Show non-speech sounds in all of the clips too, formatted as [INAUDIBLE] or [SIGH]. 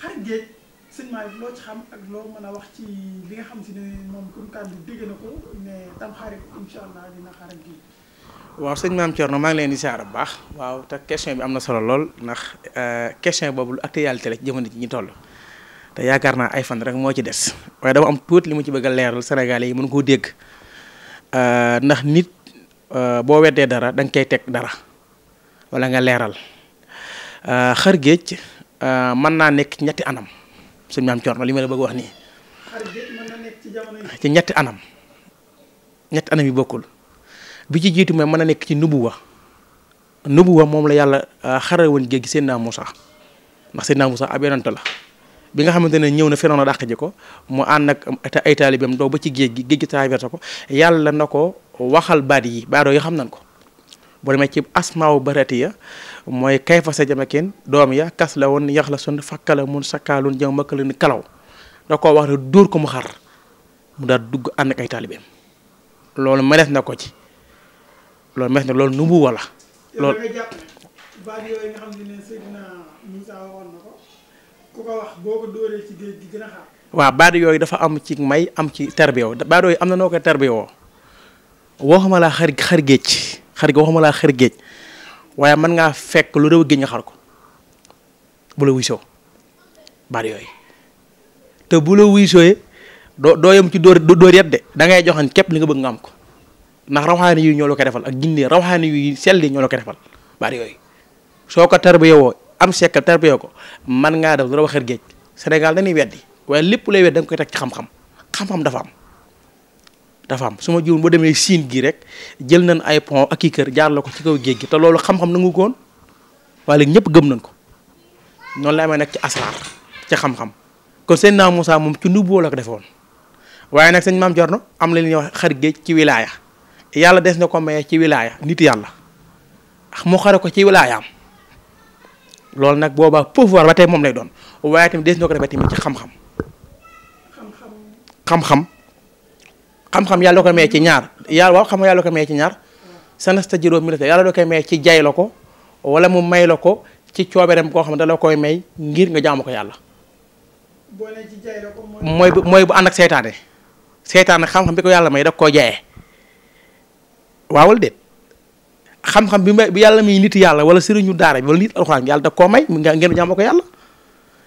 xar géej sëñ Malick loo ci xam ak loo mën a wax ci li nga xam si ne moom comme kàddu dégg na ne tam xarit incha allah dina xar ak waaw sëñ maam Thierno ma ngi leen di siyaar bu baax waaw te question bi am na solo lool ndax euh, question boobu lu actualité la ci jamono ji ñu toll te yaakaar naa ay fan rek moo ci des waaye dama am tuuti li mu ci bëgg a leeral yi mën koo dégg euh, ndax nit euh, boo weddee dara da nga koy teg dara wala nga leeral xar géej. Euh, mën naa nekk ñetti anam suñu maam Thierno li ma la bëgg wax nii. ci ñetti anam ñetti anam yi bokkul bi ci jiitu mooy mën a nekk ci nubuwa nubuwa moom la yàlla euh, xare woon géej gi Seydina Moussa ndax Seydina Moussa ab yonent la bi nga xamante ne ñëw na Firawna dàq ji ko mu ànd ak ay taalibeem doo ba ci géej gi géej gi traversé ko yàlla na ko waxal baat yi baadoo yi xam nañ ko. boo demee ci asmaaw barati ya mooy kayfa sa jamakin doom ya kas la woon yax la sun fakkala mun sakkaalun jëm makkala ni kalaw da koo wax ne dóor ko mu xar mu daal dugg ànd ak ay taalibeem loolu mënees na ko ci loolu mënees na loolu nu mu wala loolu baat yooyu dafa am ci may am ci terbiyo baat yi am na noo koy terbiyoo waxuma la xar xar géej xar gi waxuma laa xar géej waaye mën ngaa fekk lu réew géej nga xar ko bu la wuysoo baat yooyu te bu la wuysooyee doo doo yem ci dóor dóor yet de da ngay joxan képp li nga bëgg nga am ko ndax rawaxaani yu ñoo la koy defal ak gindee rawaxaani yu selli ñoo la ko defal baat yooyu soo ko tarbiya woo am sekkal tarbiya ko man ngaa def lu raw xar géej Sénégal dañuy weddi waaye lépp lay wedd da koy teg ci xam-xam xam-xam dafa am dafa am su ma jiwoon boo demee siin gi rek jël nañ ay pont ak i kër jaar ko ci kaw géej gi te loolu xam-xam nangu koon waaye léegi ñëpp gëm nañ ko noonu la amee nag ci asraar ci xam-xam kon sëñ naa musaa moom ci nubboo la ko defoon waaye nag sëñ maam Jorno am la li ñuy wax xar géej ci wilaaya yàlla des na ko maye ci wilaaya nit yàlla mu xare ko ci wilaayaam loolu nag boobaa pouvoir ba tey moom lay doon waaye tamit des na ko defee tamit ci xam-xam xam-xam yàlla ko may ci ñaar yàlla waaw xam-xam yàlla ko may ci ñaar sanastajiruhum mina yàlla da koy may ci jay la ko wala mu may la ko ci coobeeram koo xam ne da koy may ngir nga jaamu ko yàlla. boole ci jay la ko mooy bu mooy ko yàlla may da koo jaayee waawal déet bi may bi yàlla may nit yàlla wala sëriñu daara bi wala yàlla da koo may ngeen jaamu ko yàlla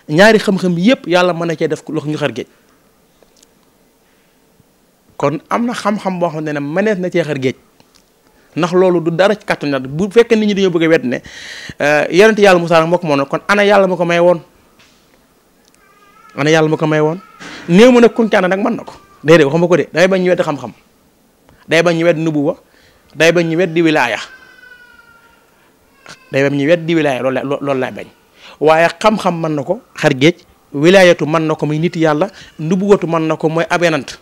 ñaari xam-xam yëpp yàlla mën na cee def loxo ñu xar géej kon am na xam-xam boo xam ne na mënees na cee xar géej ndax loolu du dara ci kàttu nag bu fekkee nit ñi dañoo bëgg a wet ne eh, yonent yàlla Musaa nag moo ko kon ana yàlla ma ko may woon ana yàlla ma ko may woon néew mu nag kuncaana nag mën na ko déedéet waxuma ko de day bañ xam-xam day bañ ñu wedd nubuwa day bañ ñu wedd di wilaaya day bañ di wilaaya loolu loolu laay bañ waaye xam na ko xar géej mën na ko muy nit yàlla nubuwatu mën na ko mooy ab yonent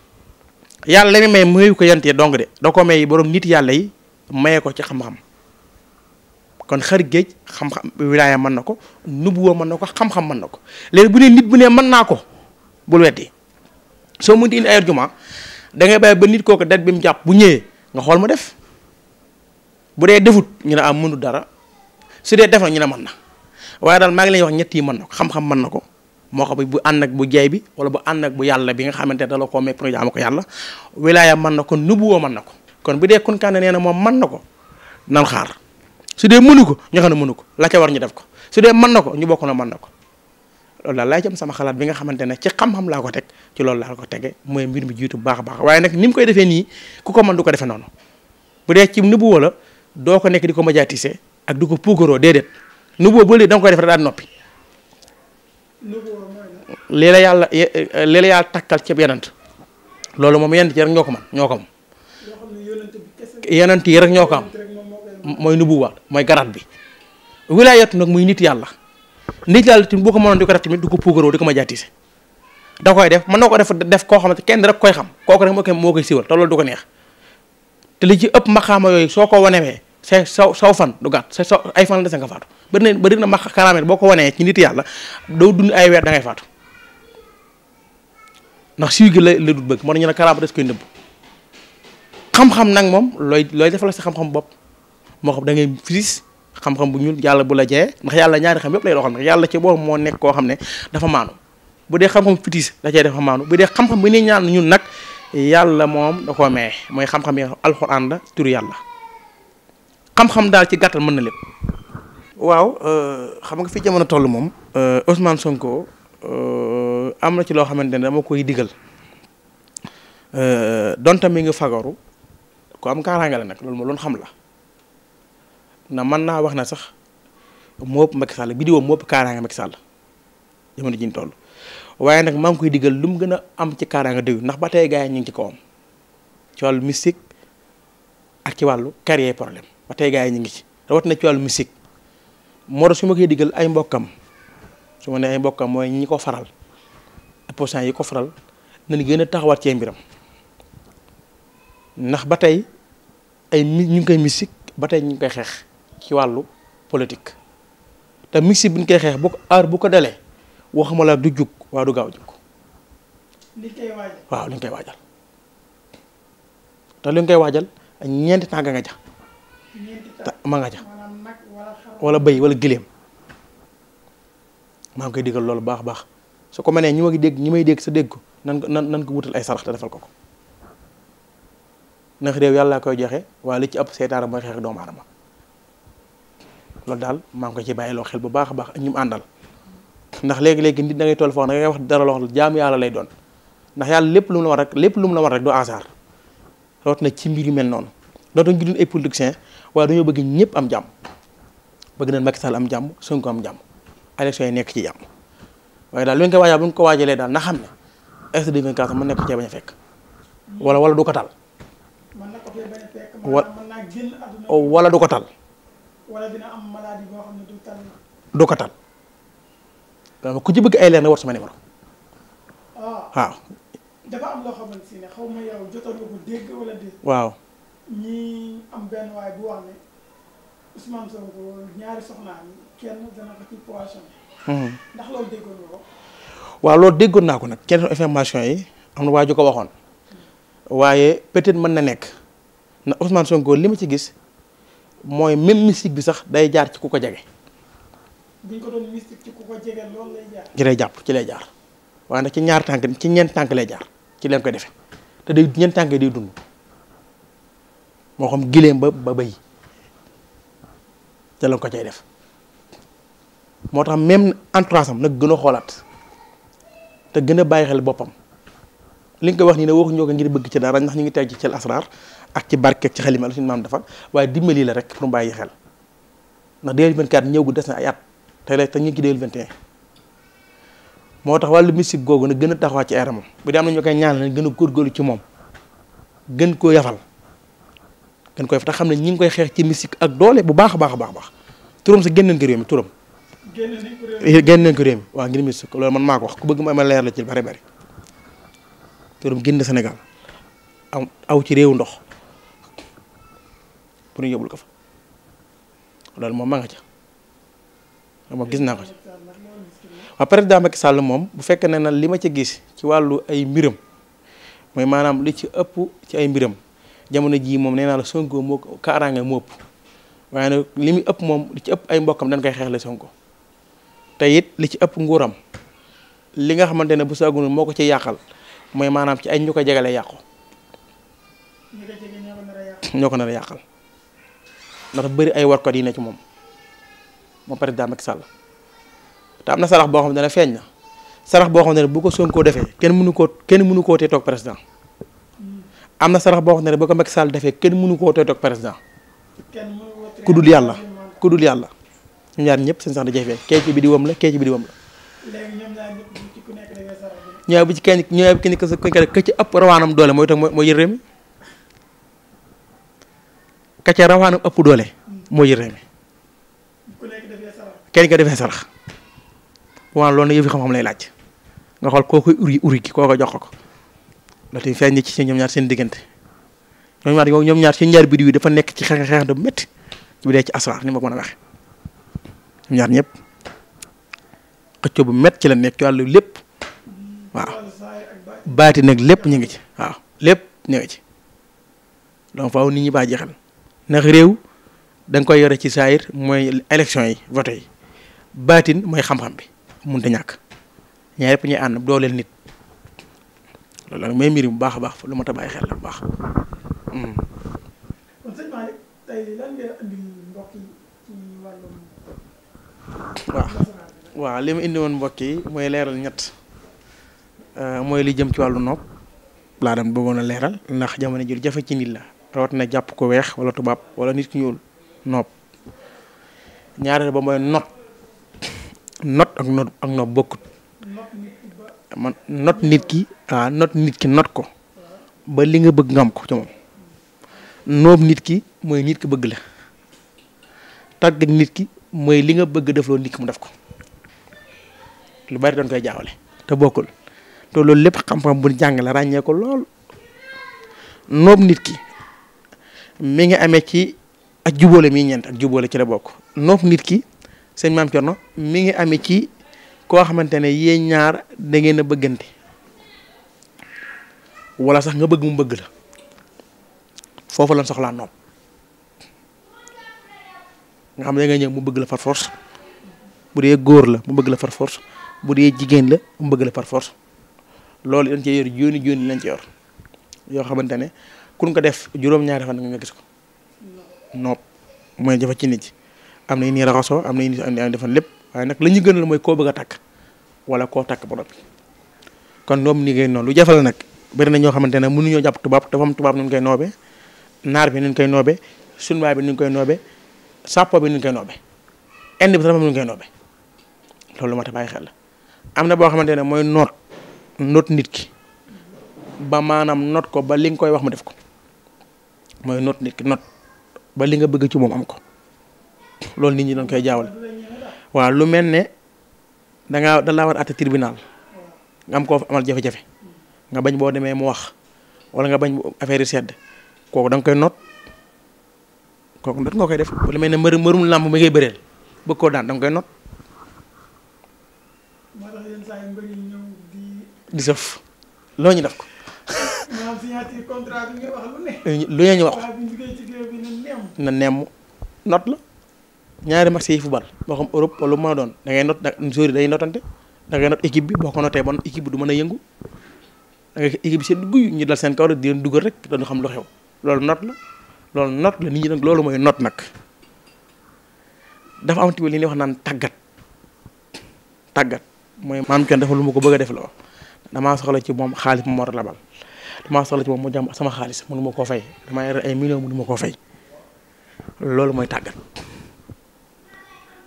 yàlla la muy may mayu ko yantee dong de da ko may borom nit yàlla yi maye ko ci xam-xam kon xar géej xam-xam wilaaya mën na ko nubuwa mën na ko xam-xam mën na ko léegi bu ne nit bu nee mën naa ko bul weddi soo mënti indi ay argument da ngay bàyyi ba nit kooku date bi mu jàpp bu ñëwee nga xool ma def bu dee defut ñu ne am ah, mënu dara su dee def na ñu ne mën na waaye daal maa ngi leen wax ñett yi mën na ko xam-xam mën na ko moo xam bu and ak bu jey bi wala bu and ak bu yalla bi nga xamante dala koo may pour jaamu ko yalla wilaya man nako ko nubuwoo mën kon bu de kun kan na moom man nako nan xaar su de mënu ko ñu xana ne ko la ca war ñu def ko su de man nako ñu bokku na man nako lool la sama xalaat bi nga xamantene ci xam-xam la ko tek ci lool la ko tege moy mbir mi jitu baax baax waaye koy defé ni ku ko man du ko defee bu de ci nubuwoo la do ko nek diko ko médiatiser ak di ko puukaroo déedéet nubuwoo ba léegi koy def da nopi lii yàlla lii la yàlla takkal ci yenant loolu moom yenant yi rek ñoo ko man ñoo ko am yenant yi rek ñoo ko am mooy nubuwaat mooy garaat bi wilaayatu nag muy nit yàlla nit yàlla tamit boo ko mënoon di ko def tamit du ko puugaroo di ko ma jaatise da koy def mën na ko def def koo xamante kenn rek koy xam kooku rek moo koy moo koy siwal te loolu du ko neex te li ci ëpp maxaama yooyu soo ko wanewee say saw saw fan du gàtt say saw ay fan la dese nga faatu bari na bari na boo ko wanee nit yàlla doo ay weer da ndax siiw gi la bëgg moo tax ñu ne karaama xam-xam nag moom looy looy defal sa xam bopp moo da ngay firis xam bu ñuul yàlla bu la jeyee ndax yàlla ñaari xam yëpp lay doxal ndax yàlla ci boobu moo nekk koo xam ne dafa maanu bu dee xam-xam fitis da cee dafa maanu bu dee xam-xam bi ne ñaan ñun nag yàlla moom da koo maye mooy xam-xam yi alxuraan la yàlla xam-xam daal ci gàttal mën na lépp. waaw euh, xam nga fi jamono toll moom. Euh, Ousmane Sonko euh amna ci lo xamantene dama koy digal euh, donte mi nga fagaru ku am kaaraange la nag loolu ma loon xam la na man na wax na sax moo Macky Sall bi di woo Macky Sall jamono jiñ tollu waye nak nag koy digal lu gëna am ci karanga deug nak ba tey ci ci mystique ak ci walu carrière problème ba tey gars yi ngi ci rawat na ci wàllu musique moo tax su ma digal ay mbokkam su ne ay mbokkam mooy ñi ko faral opposants yi ko faral nañ gën a taxawaat cee mbiram ndax ba tey ay mi ñu ngi koy musique ba tey ñu ngi koy xeex ci wàllu politique te musique bi ñu koy xeex bu ko aar bu ko dalee waxuma la du jug waa du gaaw jug li ñu koy waaw li ñu koy waajal li ñu koy waajal ñeenti nga ja ma wala bayi wala giléem ma ngi koy digal bah so baax su ko mënee ñi ma ñi may sa dégg ko nan nan nan ko wutal ay sarax defal ko ko ndax réew yàlla koy joxe waaye li ci ëpp seetaara mooy xeex doomu aadama loolu daal maa ngi ko ci bàyyiloo xel bu baax a baax ak ñu mu àndal ndax léegi nit da ngay toll foo da ngay wax dara lay don ndax yàlla lépp lu mu war rek lépp lu mu war rek du hasard rawatina ci mbir yu mel noonu ay politiciens waaye dañoo bëgg ñëpp am jàmm bëgg nañ Macky am am jàmm ko am jàmm élection yi nekk ci jàmm waaye daal lu ñu ko waajal bu ñu ko waajalee daal na xam ne f nekk cee bañ a fekk wala wala du ko tal wala du ko tal du ko tal ku ci bëgg ay leer na war sama numéro ah. waaw ñi am ben way bu wax ne Ousmane Sonko ñaari soxna ni kenn dana ko ci poisson. hmm ndax lool déggoon nga wa lool loolu déggoon naa ko nag kenn information yi amna waju ko waxon waye peut-être mën na nek na Ousmane Sonko li ci gis moy même mystique bi sax day jaar ci kuko jégué buñ ko doon mystique ci kuko jégué lool lay jaar. ci lay jàpp ci lay jaar wa nak ci ñaar tank ci ñen tank lay jaar ci leen ko defee te day ñen tànk day dund. moo xam gileem ba ba bëy te lañ ko cay def moo tax même entourage nag gën a xoolaat te gën a bàyyi xel boppam li nga ko wax nii ne waxuñoo ko ngir bëgg ci dara ndax ñu ngi teg ci cel asrar ak ci barkeeg ci xelima lu suñu maam dafa waaye dimbali la rek pour mu bàyyi xel ndax 2024 ñëw gu des na ay at te la te ñu ngi ci 2021 moo tax wàllu mystique googu nag gën a taxawaat ci eeramam bu dee am na ñu koy ñaanal gën a góorgóorlu ci moom gën koo yafal. gën koy fa te xam ne ñi ngi koy xex ci musique ak doole bu baax a baax baax turum sa génneen ko réew mi turam. génneen ko réew mi waaw ngir musique loolu man maa ko wax ku bëgg ma ama leer la ci bari bari turam génn Sénégal am aw ci réew ndox pour ñu yóbbul ko fa loolu moom ma nga ca moom gis naa ko ci waaw président Macky Sall moom bu fekkee ne na li ma ca gis ci wàllu ay mbiram mooy maanaam li ci ëpp ci ay mbiram. jamono jii moom nee naa la sonkoo moo kaaraange moo ëpp waaye nag li muy ëpp moom li ci ëpp ay mbokkam dañ koy xeexle Sonko te it li ci ëpp nguuram li nga xamante ne bu saagunu moo ko ci yàqal mooy maanaam ci ay ñu ko jegalee yàqu ñoo ko nar a yàqal ndax bari ay warkat yi ne ci moom moom président Macky Sall te am na sarax boo xam ne feeñ na sarax boo xam ne bu ko Sonko defee kenn mënu ko kenn mënu koo tee toog président am na sarax boo xam ne boo ko Macky Sall defee kenn mënu koo tooy toog président ku dul yàlla ku dul yàlla ñaar ñëpp seen sax da jafee kee ci bi di wam la kee ci bi di wam bu ci kenn ñooy bu kenn ku ci ëpp doole mooy tax mooy yër réew mi ka doole mooy yër réew ko defee sarax waaw loolu na yëfi xam-xam lay laaj nga xool koo koy uri uri gi koo ko jox ko ndaxte feeñ na ci ñoom ñaar seen diggante ñoom ñaar ñoom ñaar seen ñaar biddew yi dafa nekk ci xeex xeex da métti bu dee ci asraar ni ma ko mën a waxee ñoom ñaar ñëpp xëccoo bu métti ci la nekk ci wàllu lépp waaw baati nag lépp ñu ngi ci waaw lépp ñu ngi ci donc faaw ndax réew da nga koy yore ci saayir mooy élection yi vote yi baatin mooy xam-xam bi mënut a ñàkk ñaar yëpp ñuy ànd dooleel nit. loolu nak may mbiri bu baax baax luma ta baye xel la bu baax. Hmm. kon sëñ Malick tey lan ngeen andi mbokk ci wàllum. waaw waaw li indi won mbokk yi leral ñet euh moy li jëm ci walu nopp la dem bëggoon a leeral ndax jamono jël jafé ci nit la rawat na japp ko weex wala tubab wala nit ku ñuul nopp ñaareel ba moy not not ak not ak no bokut man not nit ki ah not nit ki not ko ba li nga bëgg nga am ko ci moom noob nit ki mooy nit ki bëgg la tàggat nit ki mooy li nga bëgg def loolu nit ki mu def ko lu bari doon koy jaawale te bokkul te loolu lépp xam-xam bu jàng la ràññee ko lool noob nit ki mi ngi amee ci ak jubóole mi ñeent ak jubóole ci la bokk noob nit ki sëñ maam Thierno mi ngi amee ci. ko xamantene ne ñaar da ngay na bëggante wala sax nga bëgg mu bëgg la fofu lañ soxla nopp nga xam nga ñëw mu bëgg la par force bu dee goor la mu bëgg la par force bu dee jigéen la mu bëgg la par force loolu dañ cee yor jóoni jóoni lañ ci yor yoo xamantene ne kun ko def juróom-ñaari fan nga gis ko nopp mooy jafa ci nit am na ñuy raxasoo am na ñuy defan lépp waaye nag la ñu gënal mooy koo bëgg a takk wala koo takk ba noppi kon ñoom noonu lu jafe nag bëri na ñoo xamante ne mënuñoo jàpp tubaab dafa am tubaab nu ñu koy noobe naar bi nu ñu koy noobe sunwaay bi nu ñu koy noobe sàppo bi nu ñu koy noobe indi bi sax nu ñu koy noobe loolu moo tax bàyyi xel la am na boo xamante ne mooy noot noot nit ki ba maanaam noot ko ba li nga koy wax mu def ko mooy noot nit ki noot ba li nga bëgg ci moom am ko loolu nit ñi dañ koy jaawale waaw lu mel ne da ngaa da war àtte tribunal nga am koo amal jafe-jafe nga bañ boo demee mu wax wala nga bañ affaire yi sedd kooku danga koy noot kooku noot nga koy def lu mel ne mër mërum làmb mi ngay bëreel bëgg koo daan danga koy noot. di sëf loo ñu def ko. [LAUGHS] lu ñu wax na nemm not la. ñaari match yi football boo xam Europe wala mu mën a doon da ngay not da joueur yi dañuy notante da not équipe bi boo ko notee ba équipe bi du mën a yëngu da ngay équipe bi dugal rek dañu xam lu xew loolu not la loolu not la nit ñi nag loolu mooy not nag am tamit li wax naan tàggat tàggat mooy maam Thione lu ma ko bëgg def la damaa soxla ci moom xaalis mu war a labal damaa soxla ci moom mu jàmm sama xaalis mënu koo fay damaa yore ay millions mënu ma koo fay loolu mooy tàggat.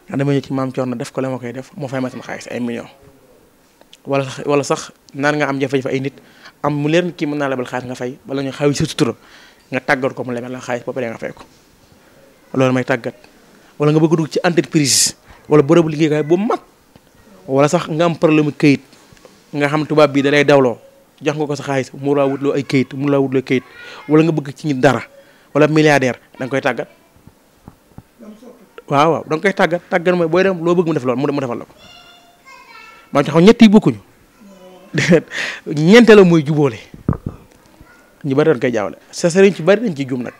ndax dama ñëw ci maam Thierno def ko la ma koy def mo fay ma sama xaliss ay million wala sax wala sax naan nga am jafay fa ay nit am mu leer ki mën naa lebal xaliss nga fay wala ñu xaw ci sutura nga tàggat ko mu lebal la xaliss ba pare nga fay ko lool may tàggat wala nga bëgg dug ci entreprise wala bërëbu liggéeykaay bu mat wala sax nga am problème keuyit nga xam tuba bi da lay dawlo jox nga ko sa xaliss mu laa lo ay keuyit mu wut lo keuyit wala nga bëgg ci nit dara wala milliardaire dang koy tàggat waaw waaw da koy tàggat tàggat mooy booy dem loo bëgg mu def loolu mu defal la ko man [LAUGHS] la mooy jubóole ñu bari dañ koy jaawale sa sëriñ ci bari dañ ciy nag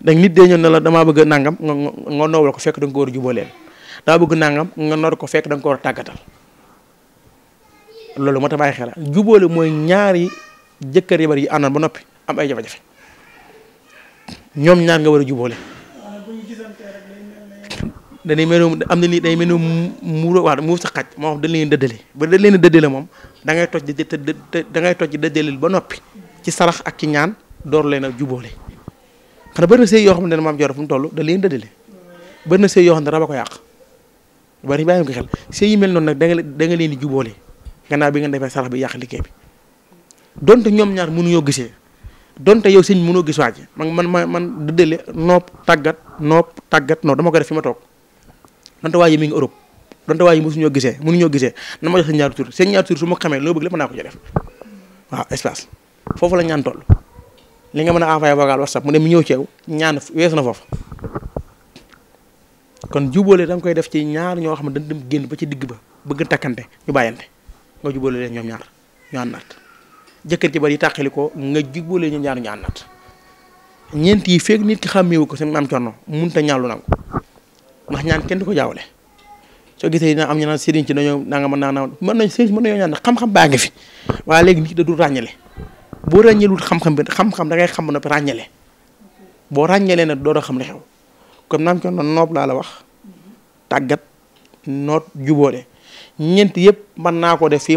dag nit dee ñëw la damaa bëgg nangam nga nga ko fekk da nga a jubóoleel bëgg nangam nga noor ko fekk da nga ko war loolu moo bàyyi xel jubóole mooy ñaari jëkkër yi bari yi àndoon ba noppi am ay jafe-jafe ñoom ñaar nga war a jubóole danay mel am na ni day mel ni muur wax muur sa xaj moo xam dañ leen dëddale ba dañ leen dëddale moom dangay toj di da ngay toj di dëddale ba noppi ci sarax ak ki ñaan door leen a jubóole xanaa bëri na sëy yoo xam ne maam Dior fu mu toll da leen dëddale bëri na yoo xam ne raba ko yàq bari bàyyi ko xel sëy yi mel noonu nag da nga da di jubóole gannaaw bi nga defee sarax bi yàq liggéey bi donte ñoom ñaar mënuñoo gisee donte yow sëñ mënoo gis waa ji man man man dëddale noob tàggat noob tàggat non dama ko def fi ma toog donte waa yi mi ngi Europe donte waa yi mosuñoo gisee mënuñoo gisee na ma jox seen ñaari tur seen ñaari tur su ma xamee loo bëgg lépp mën naa ko ci def waaw espace foofu la ñaan toll li nga mën a envoyé vocal whatsapp mu dem ñëw ceew yow ñaan weesu na foofu kon jubóole da nga koy def ci ñaar ñoo xam ne dañ dem génn ba ci digg ba bëgg takkante ñu bàyyante nga jubóole leen ñoom ñaar ñu àndaat jëkkër ci bari tàqali ko nga jubóole ñu ñaar ñu àndaat ñeent yi feeg nit ki xàmmeewu ko seen maam coono mënut a ndax ñaan kenn du ko jaawale soo gisee dina am ñu naan sëriñ ci dañoo naa nga mën naa naa mën nañ sëriñ mën nañoo ñaan xam-xam baa ngi fi waaye léegi nit da dul ràññale boo ràññelul xam-xam bi xam-xam da xam na ràññale boo ràññalee nag doo xam ne xew kon naam ko noonu noob laa la wax tàggat noot jubóole ñeent yëpp mën naa ko def fii